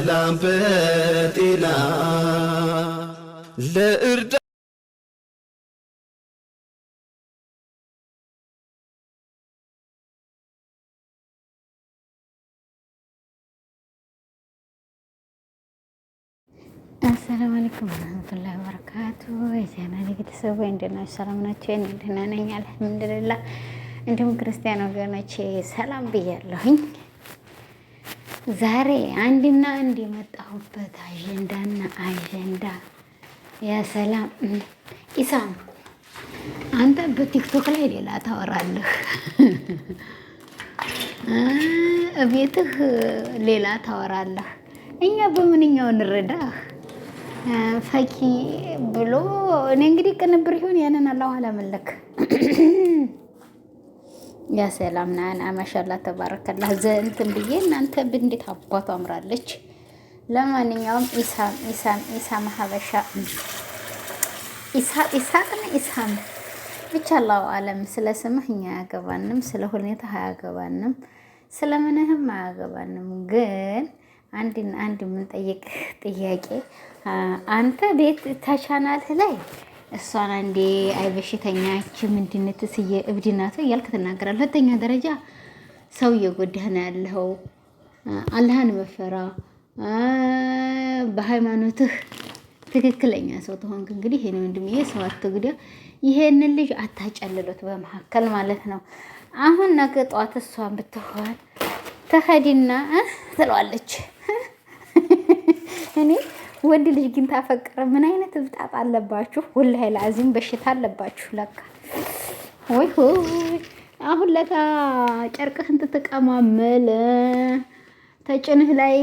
በሰላም በጤና ለእርዳ አሰላሙ አለይኩም ወረህመቱላሂ ወበረካቱ። የቻናሌ ቤተሰቦች እንደት ናችሁ? ሰላም ናቸው። ደህና ነኝ አልሐምዱሊላህ። እንዲሁም ክርስቲያን ወገኖቼ ሰላም ብያለሁኝ። ዛሬ አንድና አንድ የመጣሁበት አጀንዳና አጀንዳ የሰላም ኢሳም፣ አንተ በቲክቶክ ላይ ሌላ ታወራለህ፣ እቤትህ ሌላ ታወራለህ። እኛ በምንኛው እንረዳህ? ፈኪ ብሎ እኔ እንግዲህ ቅንብር ይሁን ያንን አላሁ አላመለክ ያ ሰላም ናና ማሻላ ተባረከላ ዘእንትን ብዬ እናንተ እንዴት አባቷ አምራለች። ለማንኛውም ኢሳም ኢሳም ኢሳም ሀበሻ ኢሳቅ ኢሳቅን ኢሳም ብቻ አላሁ አለም። ስለ ስምህ እኛ አያገባንም፣ ስለ ሁኔታ አያገባንም፣ ስለ ምንህም አያገባንም። ግን አንድ አንድ የምንጠይቅ ጥያቄ አንተ ቤት ተቻናልህ ላይ እሷን አንዴ አይ በሽተኛች ምንድነት ስዬ እብድናት እያልክ ትናገራለህ። ሁለተኛ ደረጃ ሰው እየጎዳህ ነው ያለኸው። አላህን መፈራ በሃይማኖትህ ትክክለኛ ሰው ተሆንክ እንግዲህ ይሄን ወንድምዬ ሰው አትጉዲያ፣ ይሄንን ልጅ አታጨልሎት በመካከል ማለት ነው። አሁን ነገ ጠዋት እሷን ብትሆን ተኸዲና ትለዋለች እኔ ወንድ ልጅ ግን ታፈቀረ ምን አይነት እብጣጥ አለባችሁ? ወላሂ ለአዚም በሽታ አለባችሁ ለካ። ወይ አሁን ለታ ጨርቅህን ትትቀማመል ተጭንህ ላይ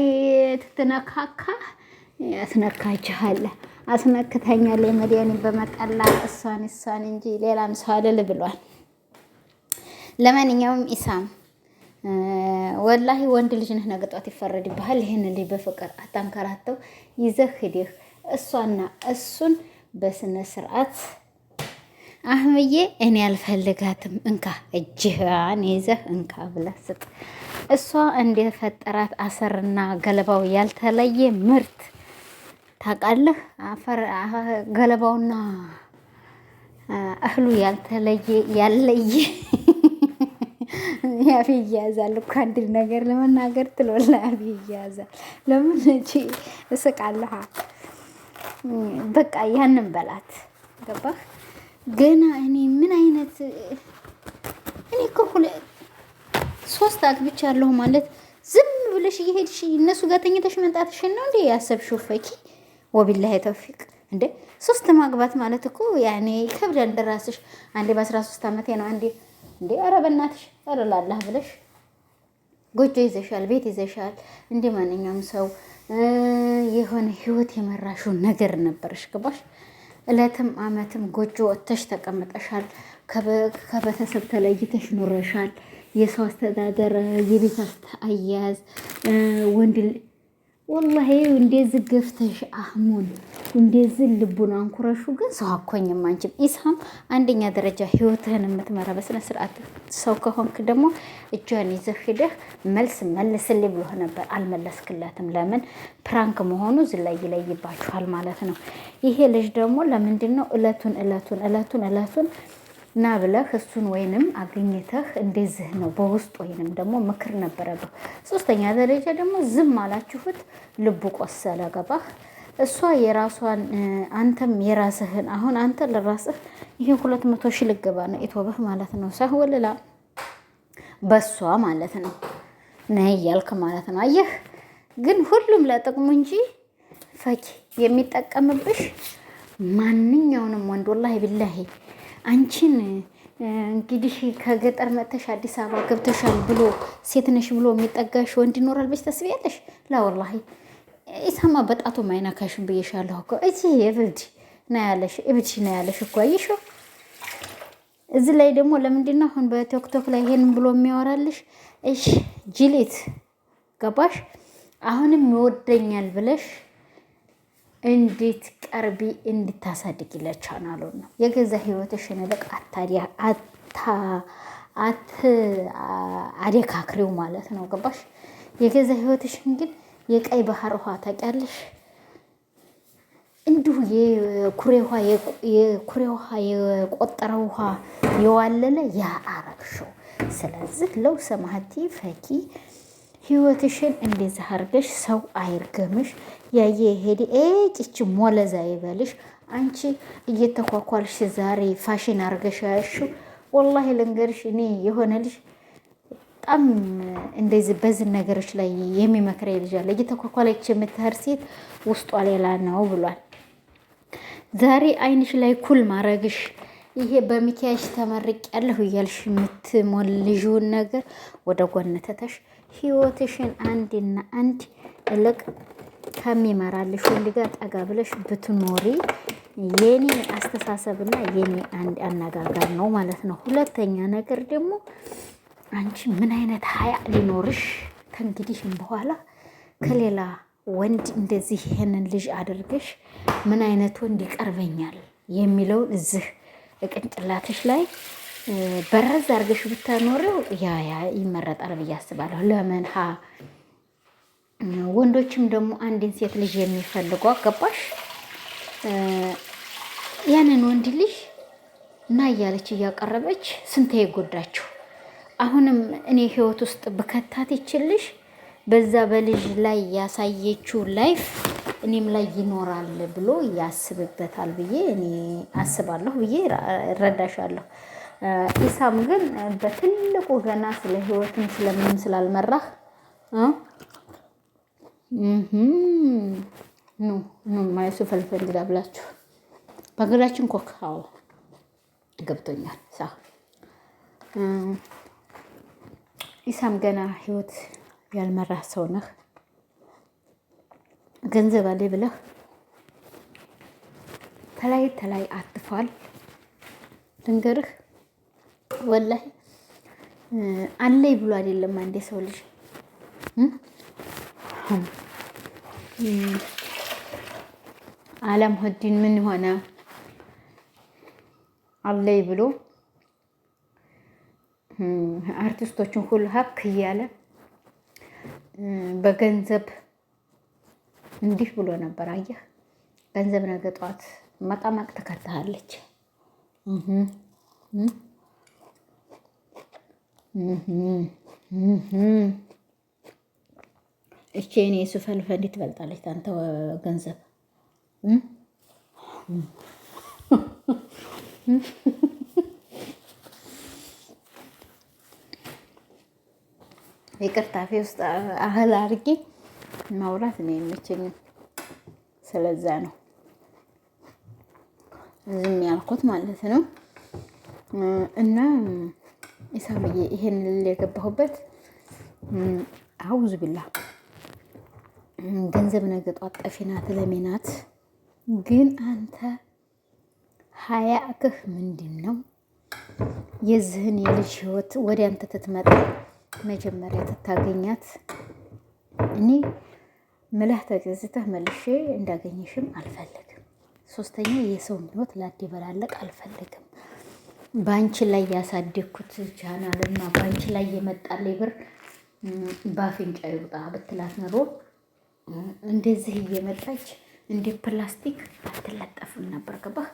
ትትነካካ ያስነካችኋል። አስነክተኛል መዲያኒ በመጠላ እሷን እሷን እንጂ ሌላም ሰው አልል ብሏል። ለማንኛውም ኢሳም ወላሂ ወንድ ልጅ ነህ፣ ነገ ጧት ይፈረድብሃል። ይህን ልጅ በፍቅር አታንከራተው፣ ይዘህ ሂደህ እሷና እሱን በስነ ስርዓት አህምዬ፣ እኔ አልፈልጋትም እንካ እጅህን ይዘህ እንካ ብለህ ስጥ። እሷ እንደፈጠራት አሰርና ገለባው ያልተለየ ምርት ታውቃለህ። ገለባውና እህሉ ያልተለየ ያለየ ያፌ እያያዛል እኮ አንድን ነገር ለመናገር ትሎላ ያፌ እያያዛል። ለምን እቺ እስቃለሁ። በቃ ያንን በላት ገባህ? ገና እኔ ምን አይነት እኔ እኮ ሁለት ሶስት አግብቻለሁ ማለት ዝም ብለሽ እየሄድሽ እነሱ ጋር ተኝተሽ መምጣትሽን ነው እንዴ ያሰብሽው? ፈኪ ወቢላሂ ተውፊቅ እንዴ ሶስት ማግባት ማለት እኮ ያኔ ከብዳል። እንደራስሽ አንዴ በአስራ ሶስት አመቴ ነው አንዴ እንዴ ኧረ በእናትሽ ኧረ ላላህ ብለሽ ጎጆ ይዘሻል፣ ቤት ይዘሻል። እንደ ማንኛውም ሰው የሆነ ህይወት የመራሽውን ነገር ነበርሽ ግባሽ እለትም አመትም ጎጆ ወጥተሽ ተቀምጠሻል። ከቤተሰብ ተለይተሽ ኑረሻል። የሰው አስተዳደር፣ የቤት አያያዝ፣ ወንድ ወላሂ እንደዚህ ገፍተሽ አህሙን እንደዚህ ልቡን አንኩረሹ። ግን ሰው አኮኝም አንችም ኢሳም አንደኛ ደረጃ ህይወትህን የምትመራ በስነ ስርዓት ሰው ከሆንክ ደግሞ እጇን ይዘህ ሂደህ መልስ መልስልኝ ብሎ ነበር፣ አልመለስክለትም። ለምን ፕራንክ መሆኑ ዝላይ ይለይባችኋል ማለት ነው። ይሄ ልጅ ደግሞ ለምንድን ነው እለቱን እለቱን እለቱን እለቱን ና ብለህ እሱን ወይንም አግኝተህ እንደዚህ ነው በውስጥ ወይንም ደግሞ ምክር ነበረብህ። ሶስተኛ ደረጃ ደግሞ ዝም አላችሁት፣ ልቡ ቆሰለ። ገባህ? እሷ የራሷን አንተም የራስህን አሁን አንተ ለራስህ ይህን ሁለት መቶ ሺህ ልገባ ነው ኢትዮብህ ማለት ነው። ሳህ ወልላ በሷ ማለት ነው ነህ እያልክ ማለት ነው። አየህ ግን ሁሉም ለጥቅሙ እንጂ ፈኪ የሚጠቀምብሽ ማንኛውንም ወንድ ወላሂ ቢላሂ አንቺን እንግዲህ ከገጠር መጥተሽ አዲስ አበባ ገብተሻል ብሎ ሴት ነሽ ብሎ የሚጠጋሽ ወንድ ይኖራል ብለሽ ተስቢያለሽ? ላ ኢሳማ በጣቱ አይነካሽም ብዬሻለሁ እኮ እዚህ እብድ ነው ያለሽ፣ እብድ ናያለሽ እኮ እዚህ ላይ ደግሞ ለምንድነው አሁን በቲክቶክ ላይ ይሄን ብሎ የሚያወራልሽ? እሽ ጅሊት ገባሽ? አሁንም ይወደኛል ብለሽ እንዴት ቀርቢ እንድታሳድግለት ቻናሉን ነው የገዛ ህይወትሽን ልቅ አታዲያ አት አደካክሪው ማለት ነው። ገባሽ? የገዛ ህይወትሽን ግን የቀይ ባህር ውሃ ታውቂያለሽ? እንዲሁ የኩሬ ውሃ የቆጠረ ውሃ የዋለለ ያ አረግሸው። ስለዚህ ለው ሰማህቲ ፈኪ ህይወትሽን እንደዛ አድርገሽ ሰው አይርገምሽ። ያየ ሄዲ ጭች ሞለዛ ይበልሽ። አንቺ እየተኳኳልሽ ዛሬ ፋሽን አድርገሽ ያሽው። ወላሂ ልንገርሽ፣ እኔ የሆነ ልጅ በጣም እንደዚህ በዚህ ነገሮች ላይ የሚመክረ ልጅ አለ። እየተኳኳለች የምትሄድ ሴት ውስጧ ሌላ ነው ብሏል። ዛሬ አይንሽ ላይ ኩል ማድረግሽ ይሄ በሚኪያሽ ተመርቅ ያለሁ እያልሽ የምትሞልዥውን ነገር ወደ ጎን ተተሽ ህይወትሽን አንድና አንድ እልቅ ከሚመራልሽ ወንድ ጋር ጠጋ ብለሽ ብትኖሪ የኔ አስተሳሰብና የኔ አንድ አነጋገር ነው ማለት ነው። ሁለተኛ ነገር ደግሞ አንቺ ምን አይነት ሀያ ሊኖርሽ ከእንግዲህም በኋላ ከሌላ ወንድ እንደዚህ ይህንን ልጅ አድርገሽ ምን አይነት ወንድ ይቀርበኛል የሚለውን እዚህ ቅንጭላትሽ ላይ በረዝ አድርገሽ ብታኖሪው ያ ያ ይመረጣል ብዬ አስባለሁ። ለምን ሀ ወንዶችም ደግሞ አንድን ሴት ልጅ የሚፈልጉ አገባሽ ያንን ወንድ ልጅ እና እያለች እያቀረበች ስንት የጎዳችሁ። አሁንም እኔ ህይወት ውስጥ ብከታት ይችልሽ በዛ በልጅ ላይ ያሳየችው ላይፍ እኔም ላይ ይኖራል ብሎ ያስብበታል ብዬ እኔ አስባለሁ ብዬ እረዳሻለሁ። ኢሳም ግን በትልቁ ገና ስለ ህይወትም ስለምንም ስላልመራህ ኑ ኑ ማየሱ ፈልፈል እንግዳ ብላችሁ በሀገራችን ኮክ አዎ ገብቶኛል። ሳ ኢሳም ገና ህይወት ያልመራህ ሰው ነህ። ገንዘብ አለ ብለህ ተላይ ተላይ አትፋል ልንገርህ ወላሂ አለይ ብሎ አይደለም አንድ ሰው ልጅ አለም ሆዲን ምን ሆነ አለይ ብሎ አርቲስቶችን ሁሉ ሀክ እያለ በገንዘብ እንዲህ ብሎ ነበር። አየህ ገንዘብ ነገ ጠዋት መጣማቅ ተከታሃለች። እቺ እኔ ሱፈልፈል ትበልጣለች ታንተ ገንዘብ የቅርታፌ ውስጥ አህል አድርጌ ማውራት ነው የምችል ስለዛ ነው ዝም ያልኩት ማለት ነው እና ኢሳምዬ ይሄን ልል የገባሁበት አውዙ ቢላ ገንዘብ ነገ ጧት ጠፊ ናት ለሜ ናት። ግን አንተ ሀያእክህ ምንድን ነው? የዚህን የልጅ ህይወት ወደ አንተ ትትመጣ መጀመሪያ ትታገኛት እኔ ምላህ ተገዝተህ መልሼ እንዳገኘሽም አልፈልግም። ሶስተኛ የሰውን ህይወት ላዲበላለቅ አልፈልግም። ባንቺ ላይ ያሳደግኩት ቻናል እና ባንቺ ላይ የመጣልኝ ብር በአፍንጫ ይውጣ ብትላት ኖሮ እንደዚህ እየመጣች እንደ ፕላስቲክ አትለጠፍም ነበር። ገባህ?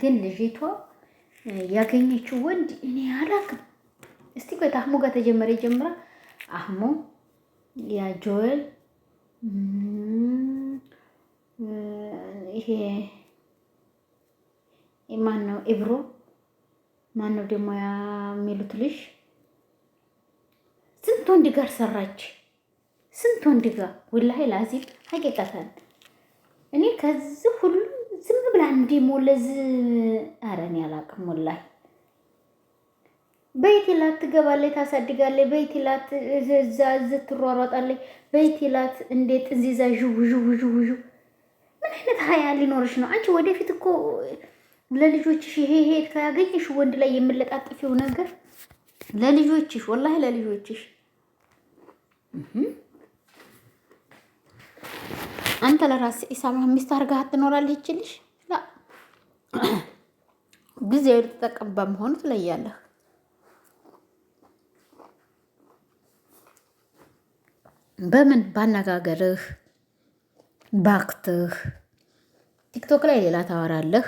ግን ልጅቷ ያገኘችው ወንድ እኔ አላውቅም። እስቲ ቆይ አህሙ ጋር ተጀመረ ጀምራ አህሙ ያ ጆል ይሄ ማን ነው? ኢብሮ ማነው ደግሞ የሚሉት ልሽ ስንት ወንድ ጋር ሰራች፣ ስንት ወንድ ጋር ወላሂ ላዚም ሀቂቀታን እኔ ከዚህ ሁሉ ዝም ብላ እንዲ ሞለዝ አረን ያላቅም ወላሂ በይት ይላት ትገባለች፣ ታሳድጋለች፣ በይት ይላት እዛ እዝ ትሯሯጣለች፣ በይት ይላት እንዴት እንዚዛ ዥው ዥው ዥው ምን አይነት ሀያ ሊኖርሽ ነው አንቺ ወደፊት እኮ ለልጆችሽ ይሄ ይሄ ካያገኝሽ ወንድ ላይ የምለጣጥፊው ነገር ለልጆችሽ ወላሂ ለልጆችሽ አንተ ለራስህ ኢሳማ ሚስት አርጋ ትኖራለህ። ይችልሽ ላ ጊዜ ተጠቀምባ መሆኑ ትለያለህ። በምን ባነጋገርህ፣ ባክትህ ቲክቶክ ላይ ሌላ ታወራለህ።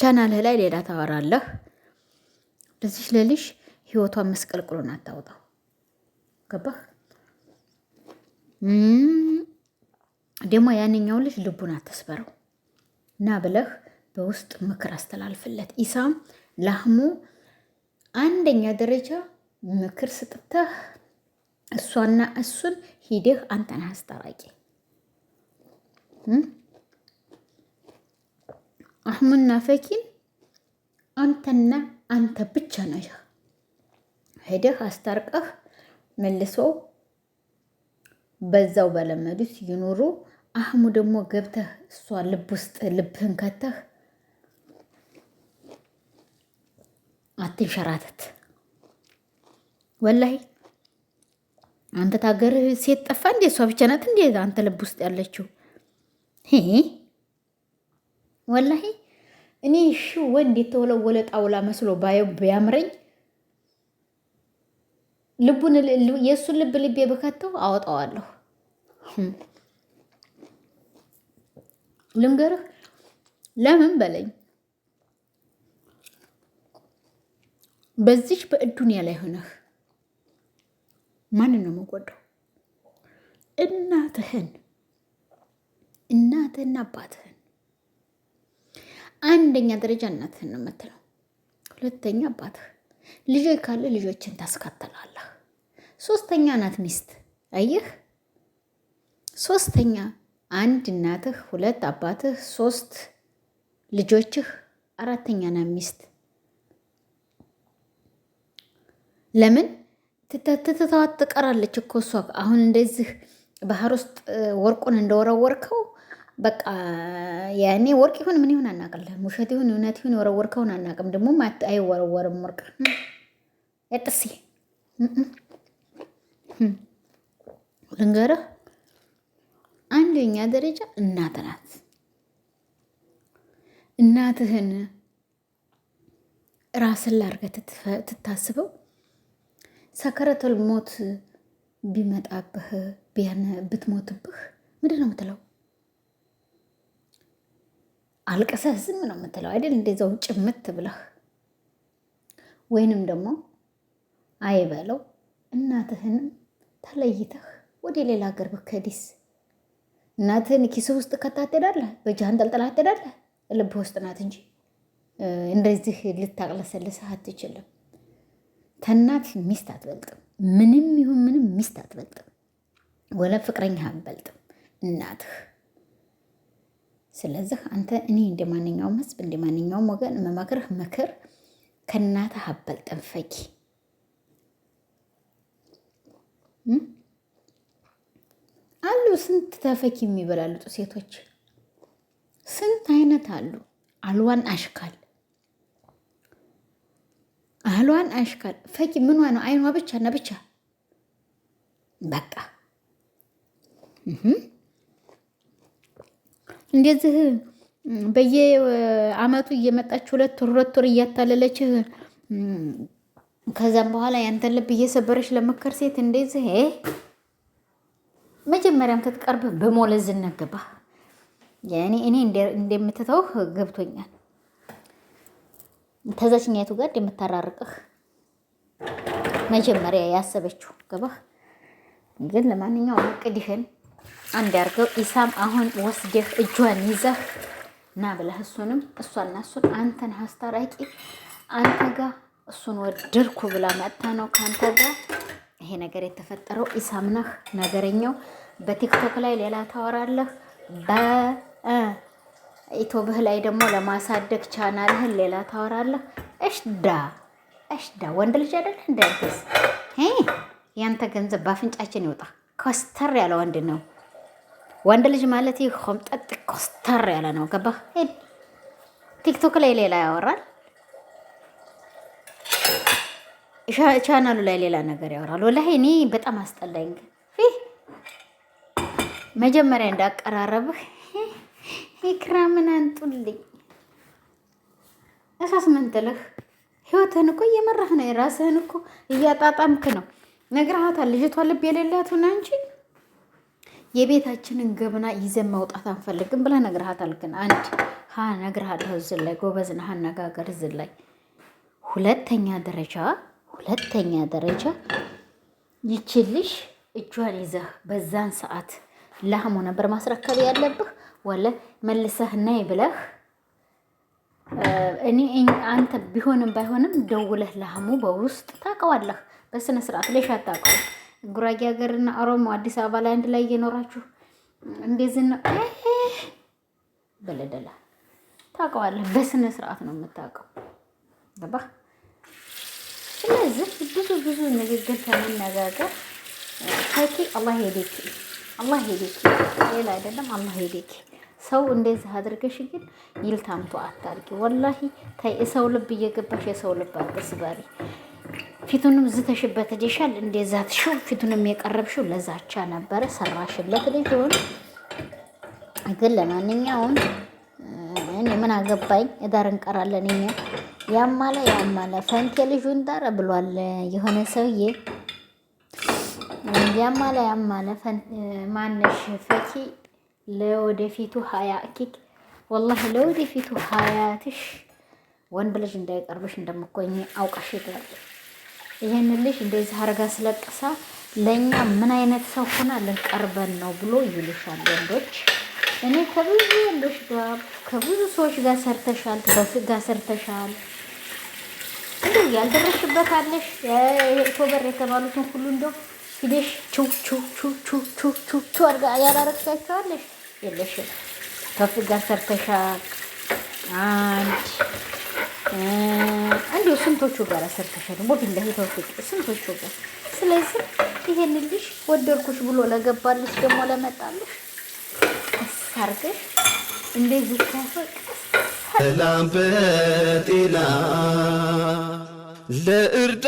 ቻናልህ ላይ ሌላ ታወራለህ። ለዚች ለልጅ ህይወቷን መስቀልቅሎን አታውጣው። ገባህ? ደግሞ ያንኛው ልጅ ልቡን አትስበረው እና ብለህ በውስጥ ምክር አስተላልፍለት። ኢሳም ላህሙ አንደኛ ደረጃ ምክር ስጥተህ እሷና እሱን ሂደህ አንተን አስታራቂ አህሙና ፈኪን አንተና አንተ ብቻ ነህ። ሄደህ አስታርቀህ መልሶ በዛው በለመዱት ይኑሩ። አህሙ ደግሞ ገብተህ እሷ ልብ ውስጥ ልብህን ከተህ አትንሸራተት። ወላይ አንተ ታገርህ ሴት ጠፋ እንዴ? እሷ ብቻ ናት እንዴ አንተ ልብ ውስጥ ያለችው? ወላሂ እኔ ሺ ወንድ የተወለወለ ጣውላ መስሎ ቢያምረኝ ልቡን የእሱን ልብ ልቤ ብከተው አወጣዋለሁ። ልንገርህ ለምን በለኝ በዚች በእዱንያ ላይ ሆነህ ማንን ነው የምንጎዳው? እናትህን እናትህን አባትህን አንደኛ ደረጃ እናትህን ነው የምትለው። ሁለተኛ አባትህ፣ ልጆች ካለ ልጆችን ታስከተላለህ። ሶስተኛ ናት ሚስት። አየህ፣ ሶስተኛ አንድ እናትህ፣ ሁለት አባትህ፣ ሶስት ልጆችህ፣ አራተኛ ናት ሚስት። ለምን ትተተዋት ትቀራለች እኮ እሷ አሁን እንደዚህ ባህር ውስጥ ወርቁን እንደወረወርከው በቃ ያኔ ወርቅ ይሁን ምን ይሁን አናቅልህም። ውሸት ይሁን እውነት ይሁን የወረወርከውን አናቅም። ደግሞ አይወረወርም ወርቅ የጥሴ ልንገርህ፣ አንደኛ ደረጃ እናት ናት። እናትህን ራስን ላርገህ ትታስበው ሰከረተል ሞት ቢመጣብህ ብትሞትብህ ምንድን ነው የምትለው? አልቅሰህ ዝም ነው የምትለው አይደል? እንደዛው ጭምት ብለህ ወይንም ደግሞ አይበለው እናትህንም ተለይተህ ወደ ሌላ ሀገር ብከዲስ እናትህን ኪስ ውስጥ ከታትሄዳለህ በእጅህን ጠልጥላ ትሄዳለህ። ልብህ ውስጥ ናት እንጂ እንደዚህ ልታቅለሰልስህ አትችልም። ተናት ሚስት አትበልጥም። ምንም ይሁን ምንም ሚስት አትበልጥም። ወለ ፍቅረኛ አትበልጥም እናትህ ስለዚህ አንተ እኔ እንደ ማንኛውም ህዝብ እንደ ማንኛውም ወገን መመክርህ ምክር ከእናተ ሀበል ፈጊ አሉ። ስንት ተፈኪ የሚበላሉጡ ሴቶች ስንት አይነት አሉ። አልዋን አሽካል አህሏን አሽካል ፈኪ ምኗ ነው? አይኗ ብቻ ና ብቻ በቃ እንደዚህ በየአመቱ እየመጣች ሁለት ወር ሁለት ወር እያታለለችህ ከዛም በኋላ ያንተን ልብ እየሰበረች ለመከር ሴት እንደዚህ መጀመሪያም ክትቀርብ በሞለዝ ገባ። ያኔ እኔ እንደምትተውህ ገብቶኛል። ተዛችኛቱ ጋር እንደምታራርቅህ መጀመሪያ ያሰበችው ገባ። ግን ለማንኛውም እቅድህን አንድ ያርገው። ኢሳም አሁን ወስደህ እጇን ይዘህ ና ብለህ እሱንም እሷና እሱን አንተን አስታራቂ አንተ ጋር እሱን ወደድኩ ብላ መጥታ ነው ከአንተ ጋር ይሄ ነገር የተፈጠረው። ኢሳም ነህ ነገረኛው። በቲክቶክ ላይ ሌላ ታወራለህ፣ በኢትዮብህ ላይ ደግሞ ለማሳደግ ቻናልህን ሌላ ታወራለህ። እሽዳ እሽዳ ወንድ ልጅ አይደለህ እንዳንተስ ያንተ ገንዘብ በአፍንጫችን ይወጣ። ኮስተር ያለ ወንድ ነው። ወንድ ልጅ ማለት ይህ ኮምጠጥ ኮስተር ያለ ነው። ገባህ? ቲክቶክ ላይ ሌላ ያወራል፣ ቻናሉ ላይ ሌላ ነገር ያወራል። ወላሂ እኔ በጣም አስጠላኝ። መጀመሪያ እንዳቀራረብህ ኢክራምን አንጡልኝ እሳስ ምንትልህ ህይወትህን እኮ እየመራህ ነው። የራስህን እኮ እያጣጣምክ ነው። ነግረሃታል። ልጅቷ ልብ የሌላት ሁና እንጂ የቤታችንን ገበና ይዘን መውጣት አንፈልግም ብላ ነግርሃታል። ግን አንድ ሀ ነግርሃለሁ፣ እዚህ ላይ ጎበዝን ነህ፣ አነጋገር እዚህ ላይ ሁለተኛ ደረጃ ሁለተኛ ደረጃ ይችልሽ እጇን ይዘህ በዛን ሰዓት ላህሙ ነበር ማስረከብ ያለብህ ወለ መልሰህ ነይ ብለህ እኔ አንተ ቢሆንም ባይሆንም ደውለህ ላህሙ በውስጥ ታውቀዋለህ፣ በስነ ስርዓት ልሽ አታውቀውም ጉራጌ ሀገርና ኦሮሞ አዲስ አበባ ላይ አንድ ላይ እየኖራችሁ እንደዚህ ነው በለደላ ታውቀዋለህ። በስነ ስርዓት ነው የምታውቀው። ገባ? ስለዚህ ብዙ ብዙ ንግግር ከመነጋገር ታኪ አላህ ሄዴክ አላህ ሄዴክ ሌላ አይደለም። አላህ ሄዴክ ሰው እንደዚህ አድርገሽ ግን ይልታምቶ አታርጊ። ወላሂ ታይ ሰው ልብ እየገባሽ የሰው ልብ አትስበሪ። ፊቱንም ዝተሽበት ዲሻል እንደዛት ሽው ፊቱንም የቀረብሽው ለዛቻ ነበረ ሰራሽለት ልጅ ሆን ግን ለማንኛውም እኔ ምን አገባኝ፣ እዳር እንቀራለን እኛ ያማለ ያማለ ፈንቴ ልጁን ዳር ብሏል የሆነ ሰውዬ ያማለ ያማለ ማነሽ ፈኪ ለወደፊቱ ሀያ ሀያኪክ ወላሂ ለወደፊቱ ሀያትሽ ወንድ ልጅ እንዳይቀርብሽ እንደምኮኝ አውቃሽ ይላል። ይሄን ልጅ እንደዚህ አርጋ ስለቅሳ ለእኛ ምን አይነት ሰው ሆና ልንቀርበን ነው ብሎ ይሉሻል ወንዶች። እኔ ከብዙ ወንዶች ጋር ከብዙ ሰዎች ጋር ሰርተሻል፣ ጋር ሰርተሻል፣ እንደው ያልደረሽበት አለሽ። ቶበር የተባሉትን ሁሉ እንደው ሂደሽ ቹ ቹ ቹ ቹ ቹ ቹ ቹ አርጋ የለሽ። የለሽም። ጋር ሰርተሻል አንድ እንደው ስንቶቹ ጋር ሰርተሻል? ወቢላሂ ተውፊቅ ስንቶቹ ጋር። ስለዚህ ይሄን ልጅ ወደድኩሽ ብሎ ለገባልሽ ደግሞ ለመጣልሽ አስታርገሽ እንደዚህ ታፈቅ ሰላም በጤና ለእርዳ